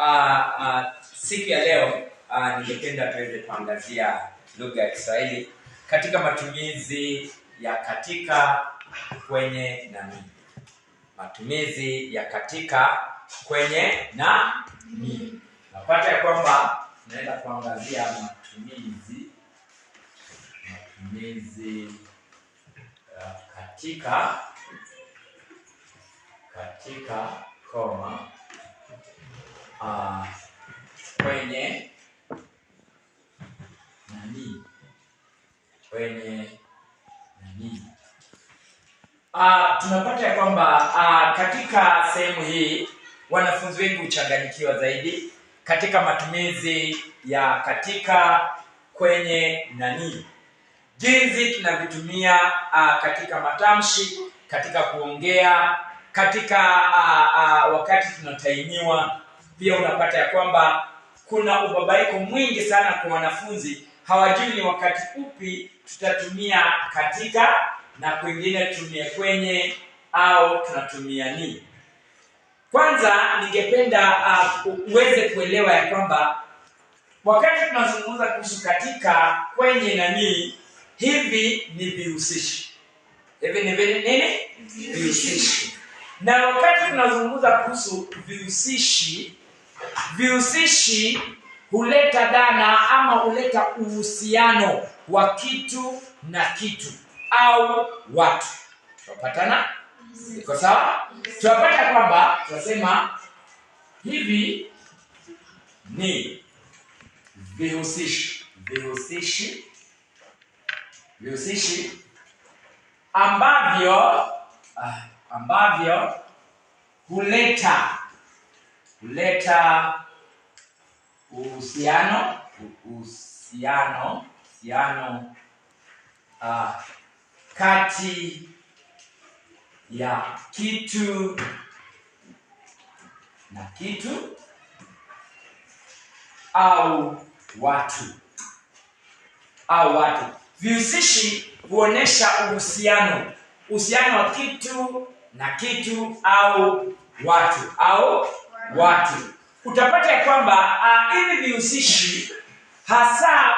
Uh, uh, siku ya leo uh, ningependa tuweze kuangazia lugha ya Kiswahili katika matumizi ya katika, kwenye na mimi. Matumizi ya katika, kwenye na mimi. Napata ya kwamba naenda kuangazia matumizi matumizi uh, katika katika koma Ah, kwenye nani kwenye nani ah, tunapata ya kwamba ah, katika sehemu hii wanafunzi wengi huchanganyikiwa zaidi katika matumizi ya katika kwenye nani jinsi tunavitumia katika matamshi katika kuongea katika uh, uh, wakati tunatainiwa pia unapata ya kwamba kuna ubabaiko mwingi sana kwa wanafunzi, hawajui ni wakati upi tutatumia katika na kwingine tutumie kwenye au tunatumia ni. Kwanza ningependa uh, uweze kuelewa ya kwamba wakati tunazungumza kuhusu katika, kwenye na ni, hivi ni vihusishi. Hivi ni nini? Vihusishi. Na wakati tunazungumza kuhusu vihusishi Vihusishi huleta dhana ama huleta uhusiano wa kitu na kitu au watu. Tunapatana? Iko sawa? Tunapata kwamba tunasema hivi ni vihusishi, vihusishi, vihusishi ambavyo ah, ambavyo huleta kuleta uhusiano uhusiano uhusiano uh, kati ya kitu na kitu au watu au watu. Vihusishi huonesha uhusiano, uhusiano wa kitu na kitu au watu au watu. Utapata ya kwamba ah, hivi vihusishi hasa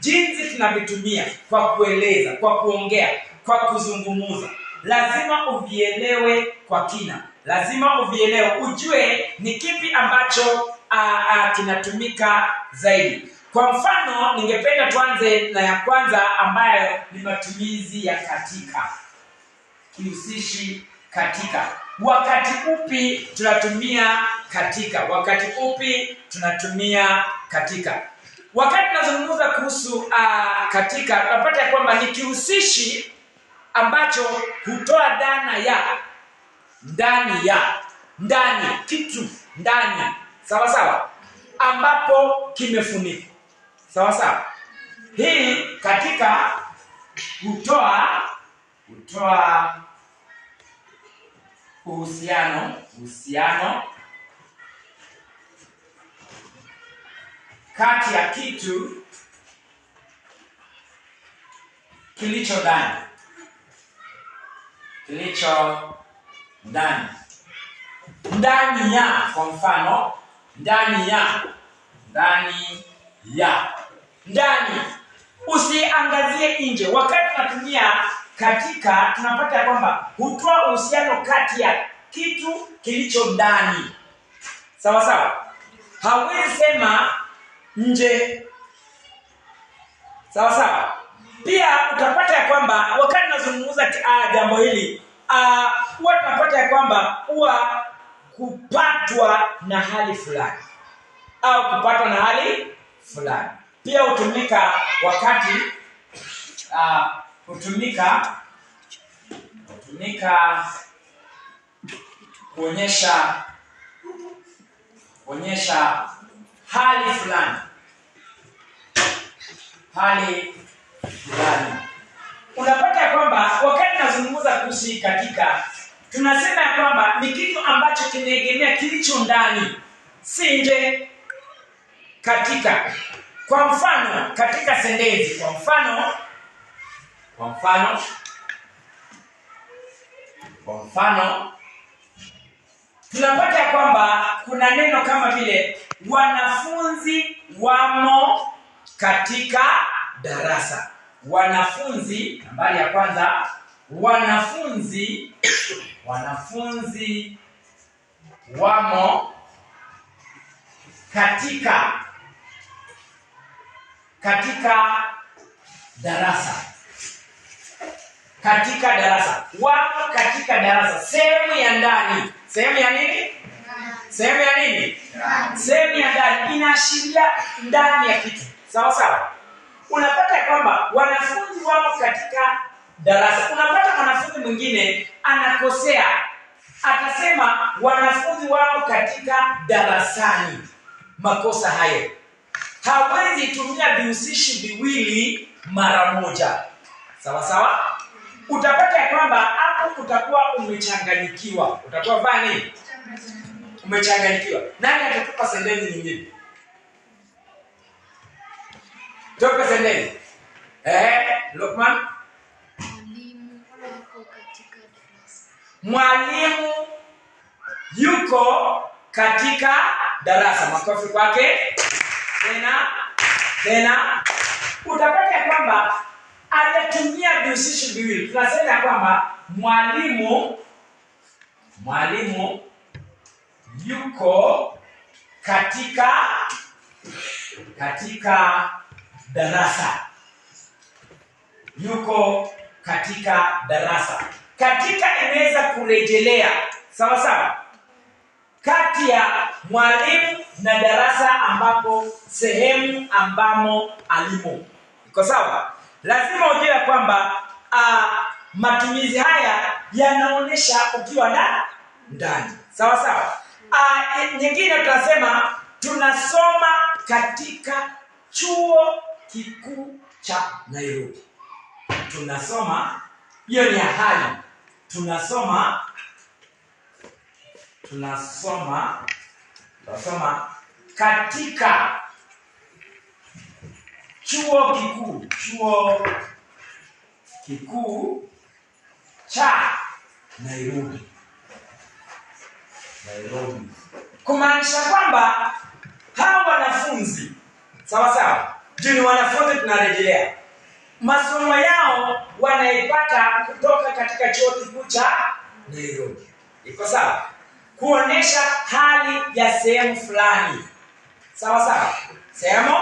jinsi tunavitumia kwa kueleza, kwa kuongea, kwa kuzungumuza, lazima uvielewe kwa kina, lazima uvielewe, ujue ni kipi ambacho a, ah, a, ah, kinatumika zaidi. Kwa mfano, ningependa tuanze na ya kwanza ambayo ni matumizi ya katika, kihusishi katika wakati upi tunatumia katika, wakati upi tunatumia katika. Wakati tunazungumza kuhusu uh, katika, tunapata ya kwamba ni kihusishi ambacho hutoa dhana ya ndani ya ndani kitu ndani, sawa sawa, ambapo kimefunikwa, sawa sawa. Hii katika hutoa hutoa uhusiano uhusiano kati ya kitu kilicho ndani kilicho ndani ndani ya, kwa mfano, ndani ya ndani ya ndani. Usiangazie nje. Wakati natumia katika tunapata ya kwamba hutoa uhusiano kati ya kitu kilicho ndani sawa sawa hawezi sema nje sawa sawa pia utapata ya kwamba wakati nazungumza ah, jambo hili ah, huwa uh, tunapata ya kwamba huwa kupatwa na hali fulani au kupatwa na hali fulani pia hutumika wakati uh, hutumika hutumika kuonyesha kuonyesha hali fulani, hali fulani. Unapata kwamba wakati nazungumza kuhusu katika, tunasema ya kwamba ni kitu ambacho kinaegemea kilicho ndani, si nje. Katika kwa mfano, katika sendezi kwa mfano kwa mfano, kwa mfano tunapata kwamba kuna neno kama vile wanafunzi wamo katika darasa. Wanafunzi nambari ya kwanza, wanafunzi wanafunzi wamo katika katika darasa katika darasa, wapo katika darasa, sehemu ya ndani. Sehemu ya nini? Sehemu ya nini? Sehemu ya ndani, inaashiria ndani ya kitu. Sawa sawa, unapata kwamba wanafunzi wako katika darasa. Unapata mwanafunzi mwingine anakosea, atasema wanafunzi wako katika darasani. Makosa hayo hawezi tumia vihusishi viwili mara moja. Sawa sawa utapata ya kwamba hapo utakuwa umechanganyikiwa, utakuwa vani umechanganyikiwa. Nani atakupa sendeni nyingine? Tupe sendeni. Eh, Lukman. Mwalimu yuko katika darasa. Makofi kwake. Tena tena, utapata kwamba hajatumia vihusishi viwili. Tunasema ya kwamba mwalimu mwalimu yuko katika katika darasa, yuko katika darasa. Katika imeweza kurejelea sawa sawa, kati ya mwalimu na darasa, ambapo sehemu ambamo alimo. Iko sawa? lazima ujue ya kwamba uh, matumizi haya yanaonyesha ukiwa na ndani, sawa sawa. Uh, nyingine tunasema tunasoma katika chuo kikuu cha Nairobi, tunasoma hiyo ni hali tunasoma tunasoma tunasoma katika chuo kikuu, chuo kikuu cha Nairobi, Nairobi, kumaanisha kwamba hawa wanafunzi sawa sawa, juu ni wanafunzi, tunarejelea masomo yao wanaipata kutoka katika chuo kikuu cha Nairobi. Iko sawa? Kuonesha hali ya sehemu fulani, sawa sawa, sehemu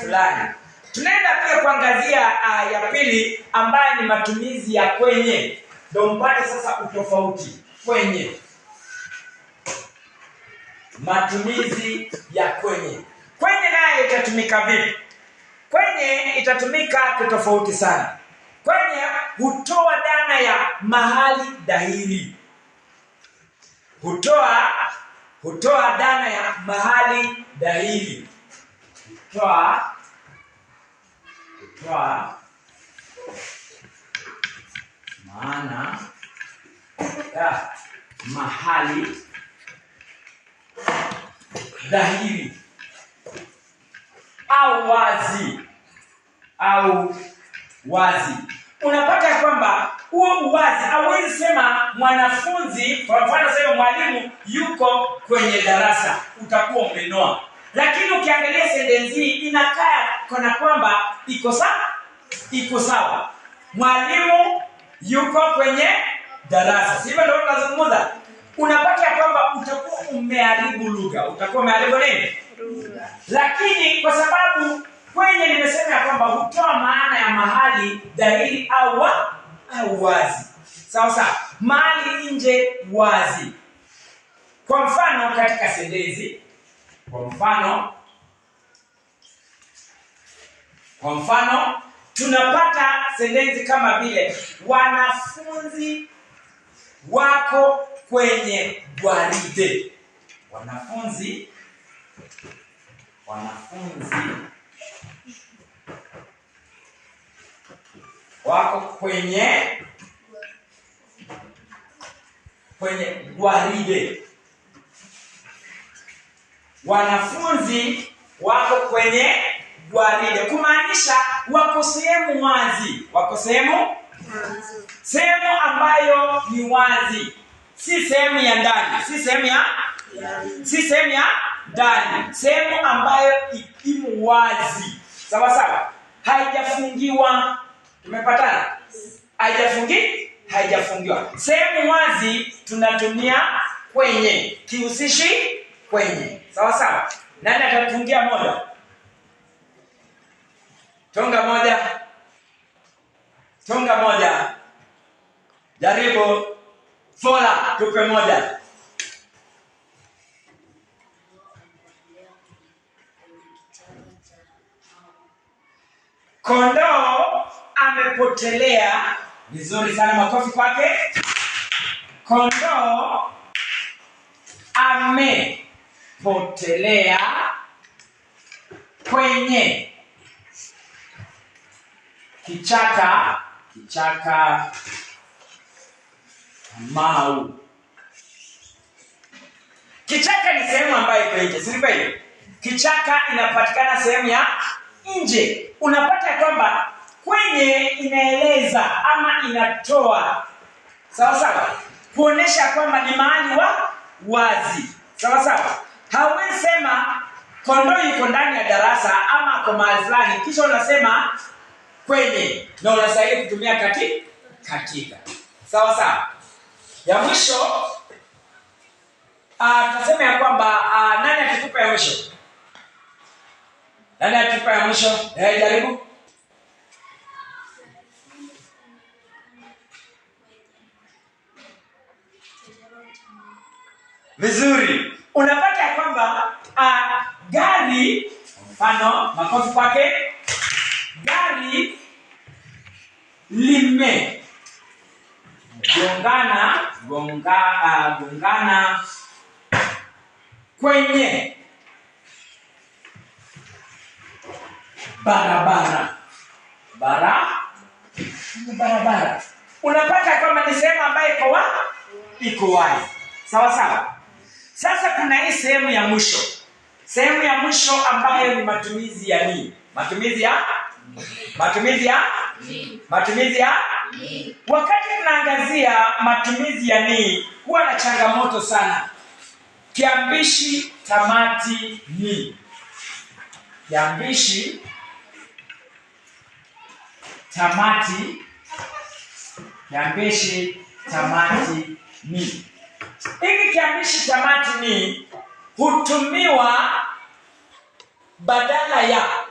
fulani Tunaenda pia kuangazia uh, ya pili ambayo ni matumizi ya kwenye, ndio mpate sasa utofauti kwenye matumizi ya kwenye. Kwenye naye itatumika vipi? Kwenye itatumika kitofauti sana. Kwenye hutoa dhana ya mahali dhahiri, hutoa hutoa dhana ya mahali dhahiri, hutoa kwa maana ya mahali dhahiri au wazi au wazi. Unapata kwamba huo uwazi, hauwezi sema mwanafunzi, kwa mfano sema mwalimu yuko kwenye darasa, utakuwa umenoa. Lakini ukiangalia sentensi hii inakaa kana kwamba iko sawa iko sawa. Mwalimu yuko kwenye darasa, sivyo? Ndio tunazungumza. Unapata kwamba utakuwa umeharibu lugha, utakuwa umeharibu nini, lakini kwa sababu kwenye nimesema ya kwamba hutoa maana ya mahali dhahiri au au wazi, sawa sawa, mahali nje wazi. Kwa mfano katika sentensi, kwa mfano, kwa mfano tunapata sentensi kama vile wanafunzi wako kwenye gwaride. Wanafunzi wanafunzi wako kwenye kwenye gwaride. Wanafunzi wako kwenye gwaride kumaanisha wako sehemu wazi, wako sehemu sehemu ambayo ni wazi, si sehemu ya ndani, si sehemu ya si sehemu ya ndani, sehemu ambayo ikimu wazi, sawa sawa, haijafungiwa. Tumepatana? haijafungi haijafungiwa. Sehemu wazi tunatumia kwenye kihusishi kwenye, sawa sawa. Nani atatufungia moja? tonga moja, tonga moja, jaribu fola, tupe moja. Kondoo amepotelea. Vizuri sana, makofi kwake. Kondoo amepotelea kwenye kichaka kichaka mau kichaka ni sehemu ambayo iko nje si kichaka inapatikana sehemu ya nje unapata kwamba kwenye inaeleza ama inatoa sawa sawa kuonesha kwamba ni mahali wa wazi sawa sawa hauwezi sema kondoo yuko ndani ya darasa ama kwa mahali fulani kisha unasema kwenye na unastahili kutumia kati katika sawa sawa ya mwisho ah, tunasema ya kwamba ah, nani atatupa ya mwisho nani atatupa ya mwisho eh, jaribu vizuri unapata ya kwamba ah, gari mfano makofi kwake nini gongana gonga, uh, gongana kwenye barabara bara barabara, unapata kwamba ni sehemu ambayo iko wapi? Iko wazi, sawa sawa. Sasa kuna hii sehemu ya mwisho, sehemu ya mwisho ambayo ni matumizi ya nini? Matumizi ya matumizi ya ni. matumizi ya ni. Wakati tunaangazia matumizi ya ni, huwa na changamoto sana. Kiambishi tamati ni, kiambishi tamati, kiambishi tamati ni. Hiki kiambishi tamati ni hutumiwa badala ya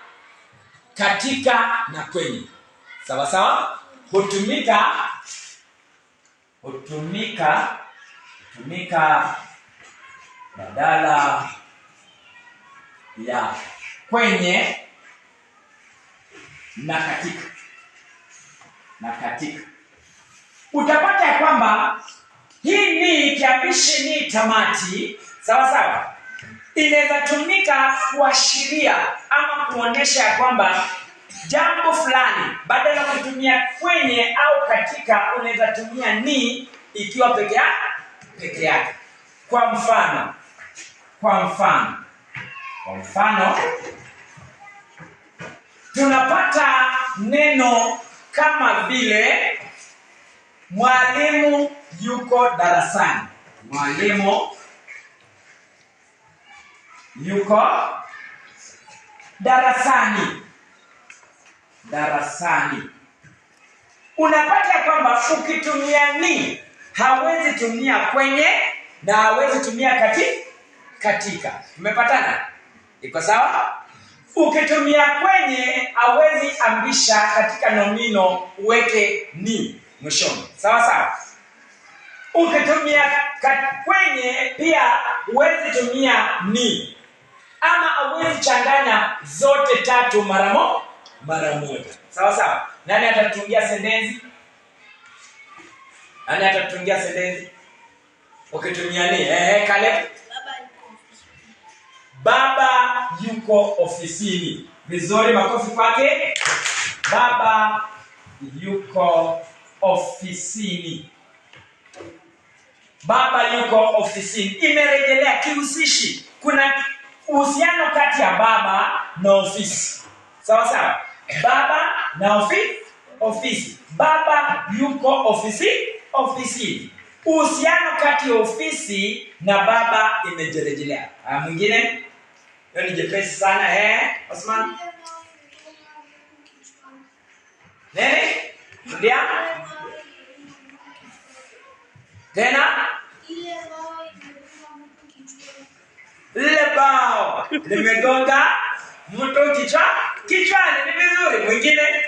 katika na kwenye. Sawa sawa, hutumika hutumika hutumika badala ya kwenye na katika na katika. Utapata ya kwamba hii ni kiambishi ni tamati. Sawa sawa inaweza tumika kuashiria ama kuonyesha ya kwamba jambo fulani, badala ya kutumia kwenye au katika, unaweza tumia ni ikiwa peke yake peke yake. Kwa mfano, kwa mfano, kwa mfano tunapata neno kama vile mwalimu yuko darasani. Mwalimu yuko darasani darasani. Unapata kwamba ukitumia ni hawezi tumia kwenye na hawezi tumia kati, katika. Umepatana, iko sawa? Ukitumia kwenye hawezi ambisha katika nomino uweke ni mwishoni, sawa sawa. Ukitumia kwenye pia huwezi tumia ni ama awezi changanya zote tatu mara moja mara moja sawa sawa nani atatungia sentensi nani atatungia sentensi ukitumia ni eh kale eh, baba yuko ofisini vizuri makofi kwake baba yuko ofisini baba yuko ofisini imerejelea kihusishi kuna uhusiano kati ya baba na ofisi sawa sawa baba na ofisi ofisi baba yuko ofisi ofisi uhusiano kati ya ofisi na baba imejerejelea ah, mwingine hiyo ni jepesi sana eh Osman nene ndia tena limegonga mtu kichwa kichwani, ni vizuri. Mwingine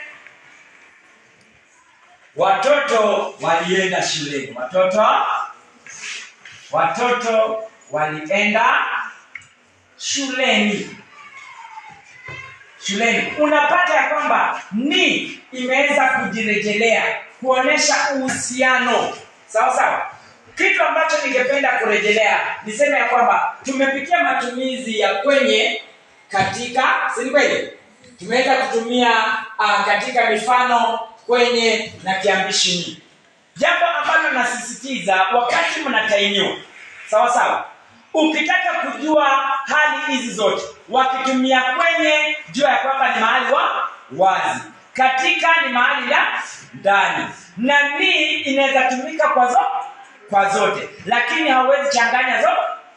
watoto walienda shuleni, watoto watoto walienda shuleni shuleni. Unapata ya kwamba ni imeweza kujirejelea kuonesha uhusiano sawa sawa. Kitu ambacho ningependa kurejelea niseme ya kwamba tumepitia matumizi ya kwenye katika, si kweli? Tumeweza kutumia uh, katika mifano kwenye na kiambishi ni. Jambo ambalo nasisitiza wakati mnatainiwa, sawa sawa. Ukitaka kujua hali hizi zote, wakitumia kwenye, jua ya kwamba ni mahali wa wazi, katika ni mahali la ndani, na ni inaweza tumika kwa zote kwa zote, lakini hauwezi changanya zo,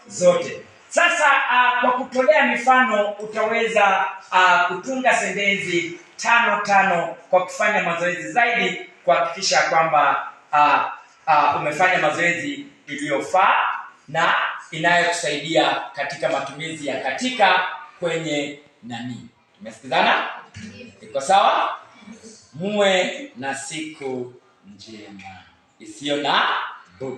zote. Sasa uh, kwa kutolea mifano utaweza uh, kutunga sentensi tano tano kwa kufanya mazoezi zaidi, kuhakikisha kwamba uh, uh, umefanya mazoezi iliyofaa na inayokusaidia katika matumizi ya katika kwenye nani. umesikizana Iko sawa? Muwe na siku njema isiyo na 不。